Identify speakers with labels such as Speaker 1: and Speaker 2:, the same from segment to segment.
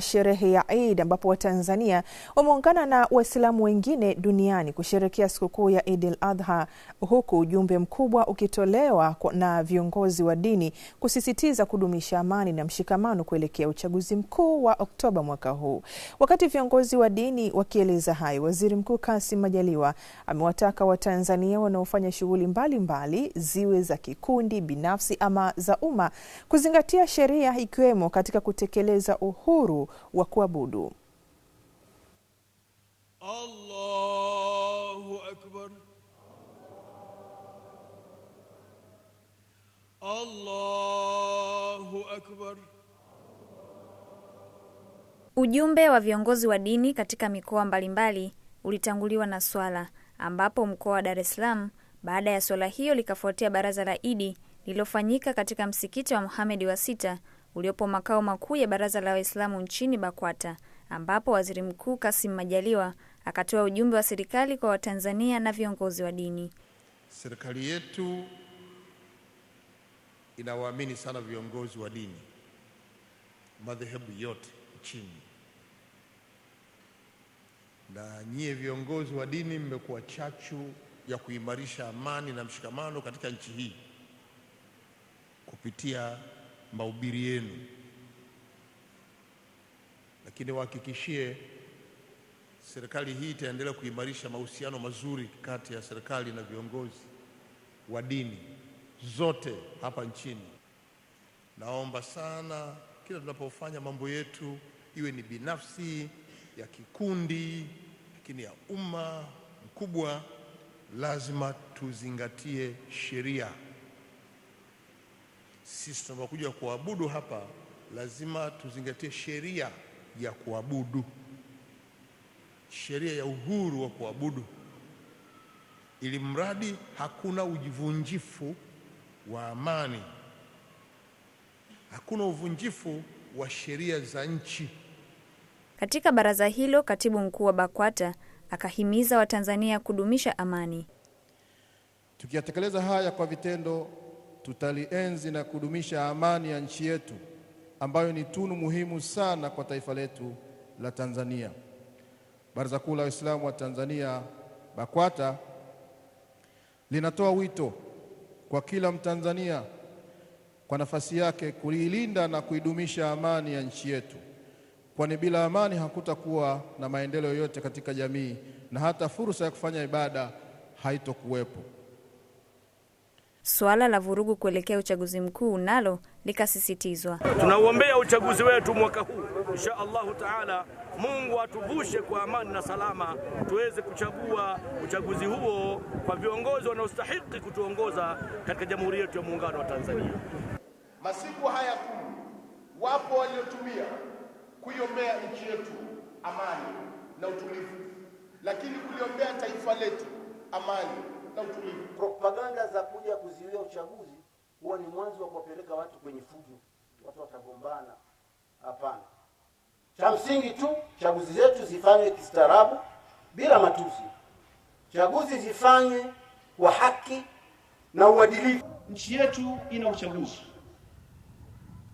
Speaker 1: sherehe ya Eid ambapo Watanzania wameungana na Waislamu wengine duniani kusherekea sikukuu ya Eid al-Adha huku ujumbe mkubwa ukitolewa na viongozi wa dini kusisitiza kudumisha amani na mshikamano kuelekea uchaguzi mkuu wa Oktoba mwaka huu. Wakati viongozi wa dini wakieleza hayo, Waziri Mkuu Kassim Majaliwa amewataka Watanzania wanaofanya shughuli mbalimbali ziwe za kikundi, binafsi ama za umma kuzingatia sheria ikiwemo katika kutekeleza uhuru wa kuabudu. Allahu akbar.
Speaker 2: Allahu akbar. Ujumbe wa viongozi wa dini katika mikoa mbalimbali ulitanguliwa na swala ambapo mkoa wa Dar es Salaam baada ya swala hiyo likafuatia baraza la Idi lililofanyika katika msikiti wa Muhamedi wa sita uliopo makao makuu ya Baraza la Waislamu nchini BAKWATA, ambapo Waziri Mkuu Kassim Majaliwa akatoa ujumbe wa serikali kwa Watanzania na viongozi wa dini.
Speaker 3: Serikali yetu inawaamini sana viongozi wa dini madhehebu yote nchini, na nyie viongozi wa dini mmekuwa chachu ya kuimarisha amani na mshikamano katika nchi hii kupitia mahubiri yenu, lakini wahakikishie serikali hii itaendelea kuimarisha mahusiano mazuri kati ya serikali na viongozi wa dini zote hapa nchini. Naomba sana kila tunapofanya mambo yetu, iwe ni binafsi, ya kikundi, lakini ya umma mkubwa, lazima tuzingatie sheria sisi tunapokuja kuabudu hapa lazima tuzingatie sheria ya kuabudu, sheria ya uhuru wa kuabudu, ili mradi hakuna ujivunjifu wa amani, hakuna uvunjifu wa sheria za nchi.
Speaker 2: Katika baraza hilo, katibu mkuu wa BAKWATA akahimiza Watanzania kudumisha amani.
Speaker 4: Tukiyatekeleza haya kwa vitendo tutalienzi na kudumisha amani ya nchi yetu ambayo ni tunu muhimu sana kwa taifa letu la Tanzania. Baraza Kuu la Waislamu wa Tanzania BAKWATA linatoa wito kwa kila Mtanzania kwa nafasi yake kuilinda na kuidumisha amani ya nchi yetu, kwani bila amani hakutakuwa na maendeleo yoyote katika jamii na hata fursa ya kufanya ibada haitokuwepo.
Speaker 2: Suala la vurugu kuelekea uchaguzi mkuu nalo likasisitizwa.
Speaker 5: Tunauombea uchaguzi wetu mwaka huu, insha Allahu taala, Mungu atuvushe kwa amani na salama, tuweze kuchagua uchaguzi huo kwa viongozi wanaostahiki kutuongoza katika jamhuri yetu ya muungano wa Tanzania.
Speaker 6: Masiku haya kumi wapo waliotumia kuiombea nchi yetu amani na utulivu, lakini kuliombea taifa letu amani na utulivu.
Speaker 7: Propaganda za kuja kuzuia uchaguzi huwa ni mwanzo wa kuwapeleka watu kwenye fujo, watu watagombana. Hapana, cha msingi tu chaguzi zetu zifanywe kistaarabu, bila matusi. Chaguzi zifanywe kwa haki na uadilifu.
Speaker 8: Nchi yetu ina uchaguzi,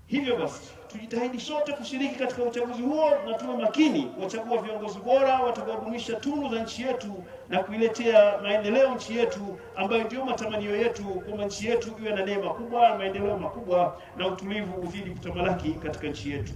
Speaker 8: hivyo basi tujitahidi sote kushiriki katika uchaguzi huo na tuwe makini kuwachagua viongozi bora watakaodumisha tunu za nchi yetu na kuiletea maendeleo nchi yetu, ambayo ndio matamanio yetu, kwamba nchi yetu iwe na neema kubwa, maendeleo makubwa na utulivu uzidi kutamalaki katika nchi yetu.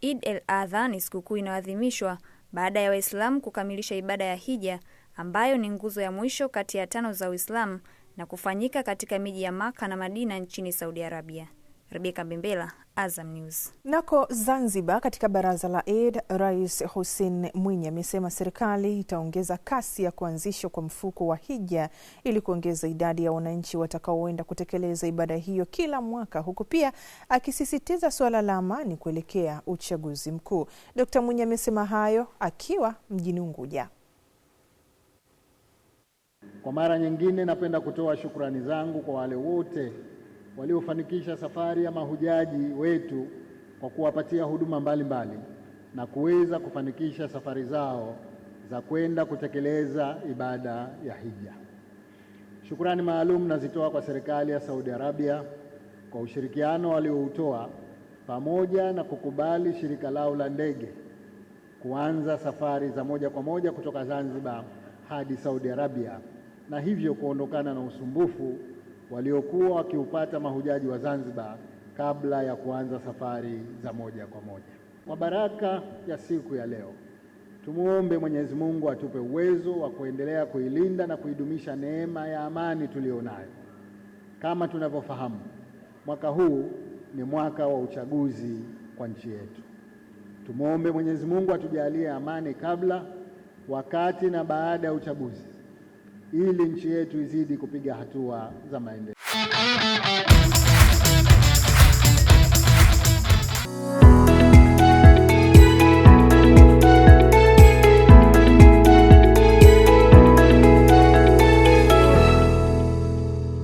Speaker 2: Eid el Adha ni sikukuu inayoadhimishwa baada ya Waislamu kukamilisha ibada ya hija ambayo ni nguzo ya mwisho kati ya tano za Uislamu na kufanyika katika miji ya Maka na Madina nchini Saudi Arabia. Rebeka Bembela, Azam News.
Speaker 1: Nako Zanzibar, katika baraza la Aid, Rais Hussein Mwinyi amesema serikali itaongeza kasi ya kuanzishwa kwa mfuko wa hija ili kuongeza idadi ya wananchi watakaoenda kutekeleza ibada hiyo kila mwaka, huku pia akisisitiza suala la amani kuelekea uchaguzi mkuu. Dkt Mwinyi amesema hayo akiwa mjini Unguja.
Speaker 9: Kwa mara nyingine, napenda kutoa shukrani zangu kwa wale wote waliofanikisha safari ya mahujaji wetu kwa kuwapatia huduma mbalimbali mbali, na kuweza kufanikisha safari zao za kwenda kutekeleza ibada ya hija. Shukrani maalum nazitoa kwa serikali ya Saudi Arabia kwa ushirikiano walioutoa pamoja na kukubali shirika lao la ndege kuanza safari za moja kwa moja kutoka Zanzibar hadi Saudi Arabia na hivyo kuondokana na usumbufu waliokuwa wakiupata mahujaji wa Zanzibar kabla ya kuanza safari za moja kwa moja. Kwa baraka ya siku ya leo, tumuombe Mwenyezi Mungu atupe uwezo wa kuendelea kuilinda na kuidumisha neema ya amani tuliyonayo. Kama tunavyofahamu, mwaka huu ni mwaka wa uchaguzi kwa nchi yetu. Tumuombe Mwenyezi Mungu atujalie amani kabla, wakati na baada ya uchaguzi ili nchi yetu izidi kupiga hatua za maendeleo.